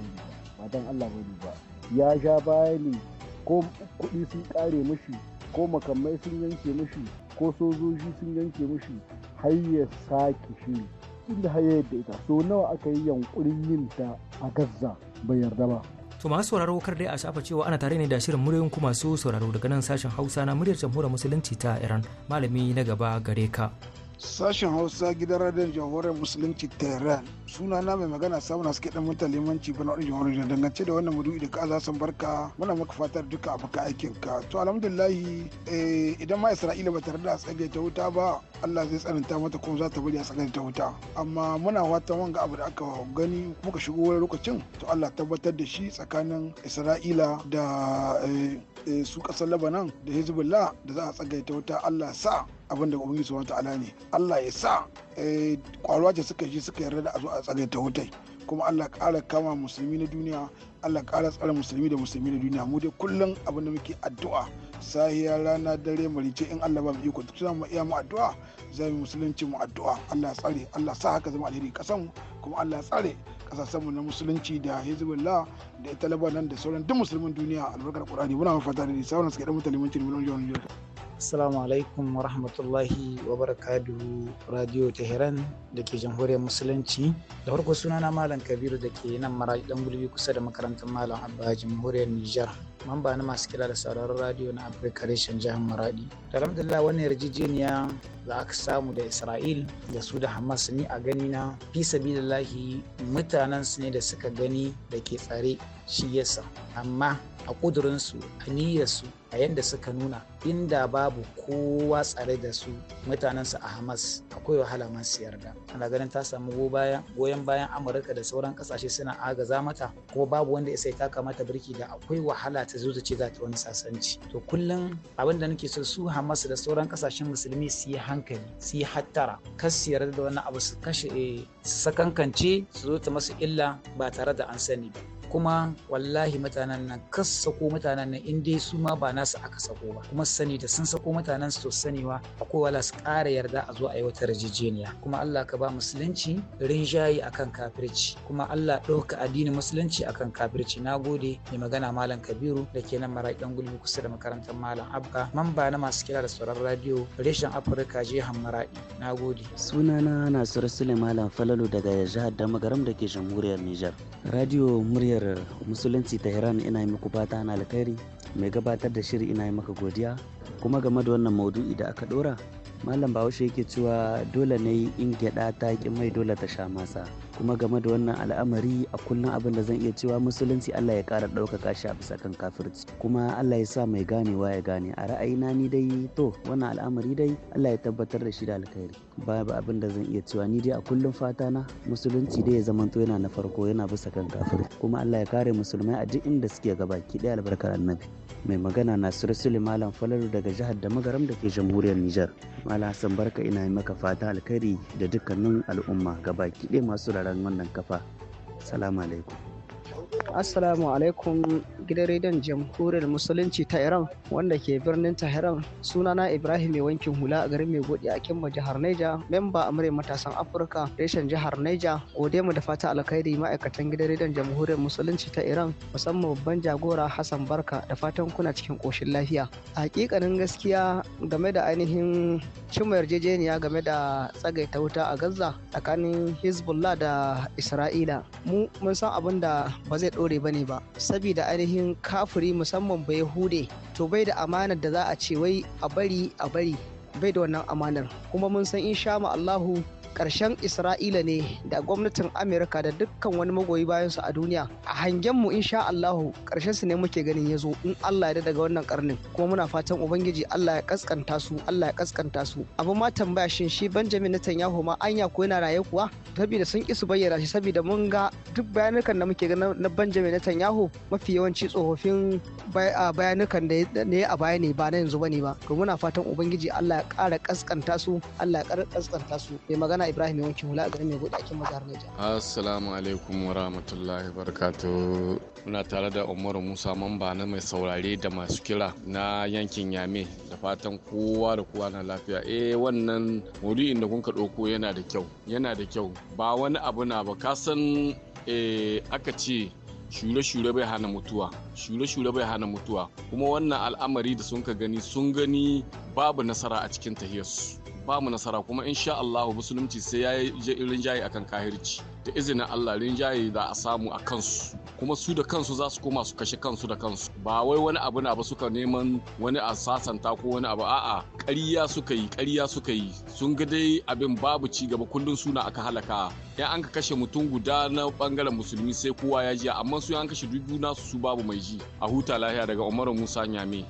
ba don allah ba ya sha baya ne ko kuɗi sun ƙare mashi ko makamai sun yanke mashi ko sojoji sun yanke mashi har ya sake shi inda har yadda ita so nawa aka yi yankurin yin ta a gaza bai yarda ba to masu sauraro kar dai a shafa cewa ana tare ne da shirin muryoyin kuma masu sauraro daga nan sashen hausa na muryar jamhuriyar musulunci ta iran malami na gaba gare ka Sashen Hausa gidan radar jamhuriyar Musulunci Tehran suna na mai magana samun haske dan mutan limanci bana wani jamhuriyar dangance da wannan mudu da ka san barka muna maka fatar duka ka aikin ka to alhamdullahi eh, idan ma Isra'ila ba tare da tsage ta wuta ba Allah zai tsananta mata kuma za ta bari a tsage ta wuta amma muna wata wanga abu da aka gani muka shigo wani lokacin to Allah tabbatar da shi tsakanin Isra'ila da eh, eh, su kasar Lebanon da Hezbollah da za a ta wuta Allah sa abin da ubangiji subhanahu ala ne Allah ya sa eh, kwaruwa ce suka ji suka yarda da a zo a ta wutai kuma Allah ƙara kama musulmi na duniya Allah ƙara tsara musulmi da musulmi na duniya mu dai kullum abin da muke addu'a sahiya rana dare marice in Allah ba mu iko duk mu iya mu addu'a za mu musulunci mu addu'a Allah ya tsare Allah sa haka zama alheri kasan kuma Allah ya tsare kasashen mu na musulunci da Hezbollah da ita nan da sauran duk musulmin duniya albarkar Qur'ani muna mafata da sauran suka da mutane mun ci mun Assalamu alaikum wa rahmatullahi wa barakatuhu Radio Tehran da ke jamhuriyar Musulunci. Da farko sunana Malam Kabiru da ke nan mara dan gulbi kusa da makarantar Malam Abba jamhuriyar Nijar. Mamba na masu kira da sauraron radio na Afirka reshen jihar Maradi. Da alhamdulillah wannan yarjejeniya da aka samu da Isra'il da su da Hamas ni a gani na fi lahi mutanen su ne da suka gani da ke tsare shi yasa. Amma a ƙudurinsu a niyyarsu a yadda suka nuna inda babu kowa tsare da su mutanensu a hamas akwai wahala man siyar da ana ganin ta samu goyon bayan amurka da sauran kasashe suna agaza mata kuma babu wanda ya sai taka mata birki da akwai wahala ta zo ta ce za ta wani sasanci to kullum abin da nake so su hamas da sauran kasashen musulmi su yi hankali su yi hattara kas siyar da wani abu su kashe eh, su sakankance su zo ta masu illa ba tare da an sani ba kuma wallahi mutanen nan kas sako mutanen nan in dai suma ba nasu aka sako ba kuma sani da sun sako mutanen su saniwa sanewa akwai wala su ƙara yarda a zo a yi wata yarjejeniya kuma Allah ka ba musulunci rinjaye akan kafirci kuma Allah ɗauka addinin musulunci akan kafirci na gode mai magana malam kabiru da ke nan ɗan gulbi kusa da makarantar malam abba mamba na masu kira da sauran radio reshen afirka jihar maraɗi na gode sunana nasiru sule falalu daga jihar damagaram da ke jamhuriyar nijar radio muryar muryar musulunci ta iran ina yi muku fata na alkhairi mai gabatar da shiri ina yi maka godiya kuma game da wannan maudu'i da aka dora malam bahaushe yake cewa dole ne in gyaɗa ta ki mai dole ta sha masa kuma game da wannan al'amari a kullum abin da zan iya cewa musulunci Allah ya kara ɗaukaka shi a bisa kan kafirci kuma Allah ya sa mai ganewa ya gane a ra'ayina ni dai to wannan al'amari dai Allah ya tabbatar da shi da alkhairi babu abin da zan iya cewa ni dai a kullum fata na musulunci dai ya zamanto yana na farko yana bisa kan kafirci kuma Allah ya kare musulmai a duk inda suke gabaki ɗaya albarkar annabi mai magana na Nasiru Malam Falalu daga jihar da magaram da ke jamhuriyar Nijar Malam Hassan barka ina yi maka fata alkhairi da dukkanin al'umma ki ɗaya masu sauraron wannan kafa. Salamu alaikum. Assalamu alaikum gidan rediyon jamhuriyar musulunci ta Iran wanda ke birnin Tehran sunana Ibrahim mai wankin hula a garin Maigodi a Kimba jihar Niger, memba amure matasan Afirka reshen jihar Niger. gode mu da fata alkhairi ma'aikatan gidan rediyon jamhuriyar musulunci ta Iran musamman babban jagora Hassan Barka da fatan kuna cikin koshin lafiya hakikanin gaskiya game da ainihin cimma yarjejeniya game da tsagaita wuta a Gaza tsakanin Hezbollah da Isra'ila mu mun san abin da ba zai ɗore ba ne ba saboda ainihin kafuri musamman bai hude, to bai da amanar da za a ce wai a bari a bari bai da wannan amanar kuma mun san insha Allahu ƙarshen isra'ila ne da gwamnatin amerika da dukkan wani magoyi bayansu a duniya a hangen mu insha allahu ƙarshen su ne muke ganin ya zo in allah ya daga wannan karnin kuma muna fatan ubangiji allah ya kaskanta su allah ya kaskanta su abu ma tambaya shin shi benjamin netanyahu ma anya ko yana raye kuwa Sabida sun ki su bayyana shi saboda mun ga duk bayanukan da muke ganin na benjamin netanyahu mafi yawanci tsofaffin bayanukan da ne a baya ne ba na yanzu bane ba to muna fatan ubangiji allah ya ƙara kaskanta su allah ya ƙara kaskanta su mai magana sunana Ibrahim Yawancin Hula a garin Mai Gode Akin Mazar Niger. Assalamu alaikum wa rahmatullahi barakatuh. Muna tare da Umaru Musa Mamba na mai saurare da masu kira na yankin Yame da fatan kowa da kowa na lafiya. Eh wannan maudu'in da kun ka yana da kyau. Yana da kyau. Ba wani abu na ba ka san eh, aka ce shure-shure bai hana mutuwa shure-shure bai hana mutuwa kuma wannan al'amari da sun ka gani sun gani babu nasara a cikin tahiyarsu ba mu nasara kuma insha Allah musulunci sai ya yi rinjaye akan kahirci da izinin Allah rinjaye za a samu a kansu kuma su da kansu za su koma su kashe kansu da kansu ba wai wani abu na ba suka neman wani a sasanta ko wani abu a'a ƙarya suka yi ƙarya suka yi sun ga dai abin babu ci gaba kullun suna aka halaka Ya an ka kashe mutum guda na bangaren musulmi sai kowa ya ji amma su an kashe dubu na su babu mai ji a huta lahiya daga Umaru Musa Nyame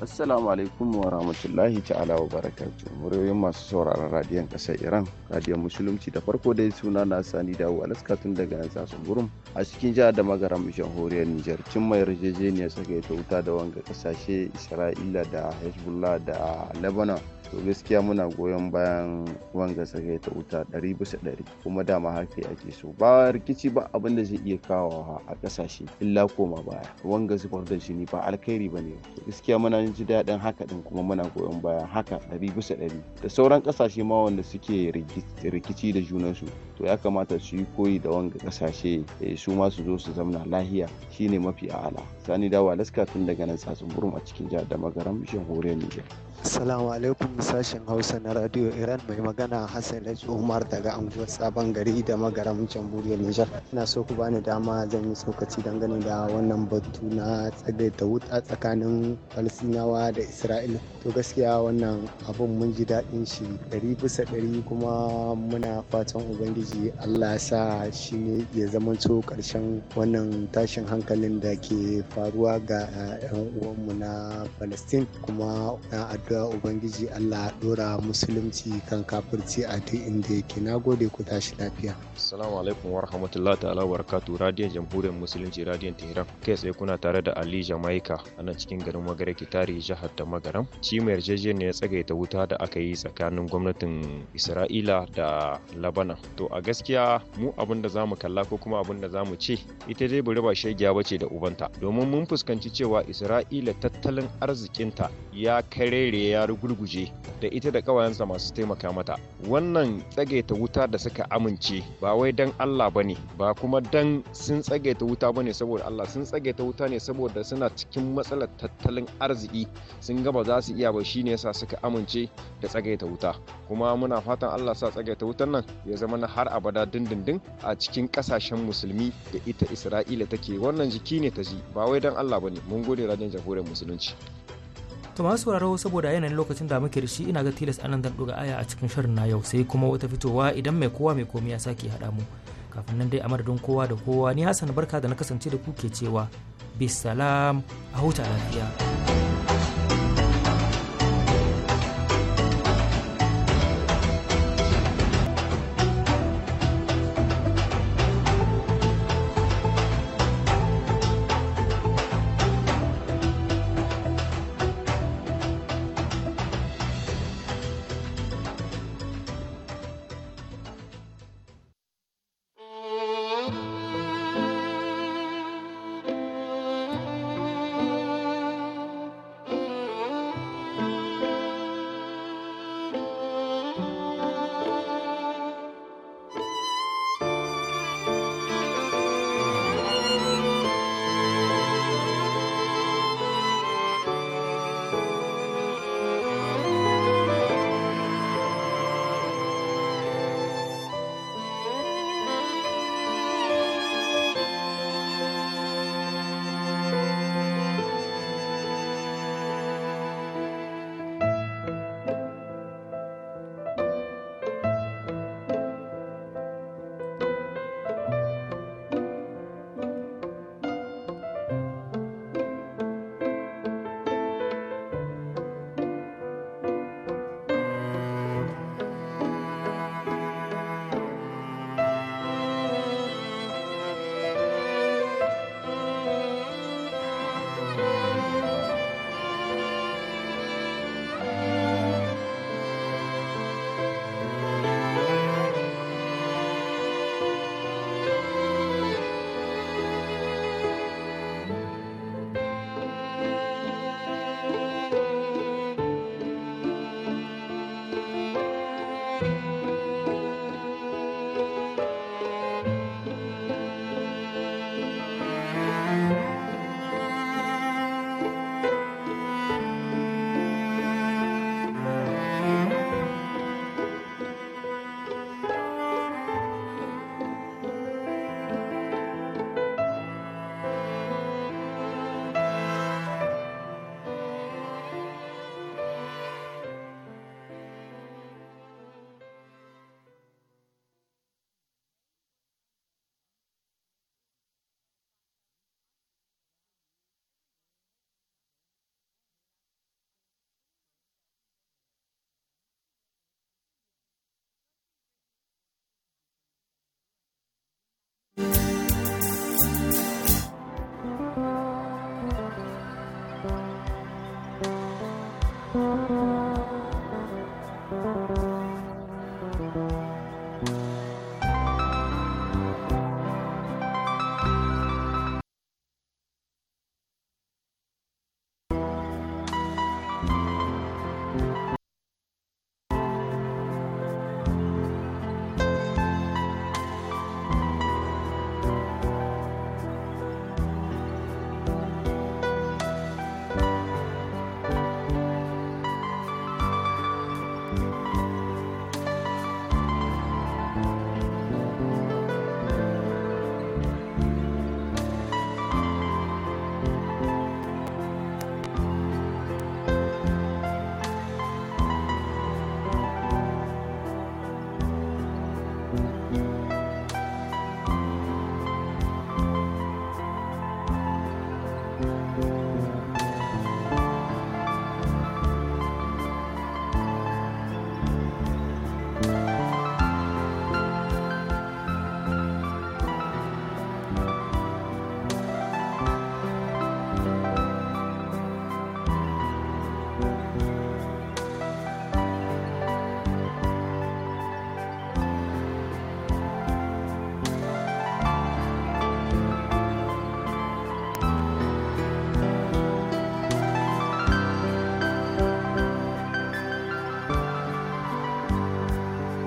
Assalamu alaikum wa rahmatullahi ta'ala wa barakatu. Muryoyin masu sauraron radiyon ƙasar Iran, radiyon Musulunci da farko dai suna na Sani Dawo Alaska tun daga nan Sasun Gurum a cikin jihar da magaram jamhuriyar Nijar. Cin mai yarjejeniya suka yi ta wuta da wanga ƙasashe Isra'ila da Hezbollah da Lebanon. to gaskiya muna goyon bayan wanga sakai ta wuta ɗari bisa ɗari kuma dama haka ake so ba rikici ba abin da zai iya kawo a ƙasashe illa koma baya wanga zubar da jini ba alkhairi ba ne gaskiya muna mun ji daɗin haka ɗin kuma muna goyon bayan haka ɗari bisa ɗari da sauran ƙasashe ma wanda suke rikici da junansu to ya kamata su yi koyi da wanga ƙasashe eh, su ma su zo su zamna lahiya shine mafi a'ala sani dawa laska tun daga nan tsatsun burum a cikin jihar da magaram jamhuriyar nijar. Salamu alaikum sashen Hausa na Radio Iran mai magana Hassan Laj Umar daga anguwar Sabon Gari da magaram Jamhuriyar Nijar. Ina so ku bani dama zan yi tsokaci dangane da wannan batu na tsagaita wuta tsakanin falsina yahudawa da isra'ila to gaskiya wannan abun mun ji daɗin shi ɗari bisa ɗari kuma muna fatan ubangiji allah sa shi ne ya zamanto ƙarshen wannan tashin hankalin da ke faruwa ga 'yan uwanmu na palestine kuma na addu'a ubangiji allah ɗora musulunci kan kafirci a duk inda yake na gode ku tashi lafiya assalamu alaikum wa rahmatullahi ta'ala wa barakatuh jamhuriyar musulunci radiyon tehran kai tsaye kuna tare da ali jamaica a cikin garin magare kitari jihar da magaram shi mai yarjejeniyar tsagaita wuta da aka yi tsakanin gwamnatin isra'ila da labanan to a gaskiya mu abin da za mu kalla ko kuma abin da za mu ce ita dai bari ba ba bace da ubanta domin mun fuskanci cewa isra'ila tattalin arzikinta ya karere ya rugurguje da ita da kawayensa masu taimaka mata wannan tsagaita wuta da suka amince ba wai dan allah ba ne ba kuma dan sun tsagaita wuta ba ne saboda allah sun tsagaita wuta ne saboda suna cikin matsalar tattalin arziki sun gaba za su giya ba ne yasa suka amince da tsagaita wuta kuma muna fatan Allah sa tsagaita wutan nan ya zama na har abada dindindin a cikin kasashen musulmi da ita Isra'ila take wannan jiki ne ta ji ba wai don Allah ba ne mun gode rajin jamhuriyar musulunci to masu sauraro saboda yanayin lokacin da muke da shi ina ga tilas anan dan ɗuga aya a cikin shirin na yau sai kuma wata fitowa idan mai kowa mai komai ya sake haɗa mu kafin nan dai a madadin kowa da kowa ni Hassan barka da na kasance da ku ke cewa bisalam a huta lafiya.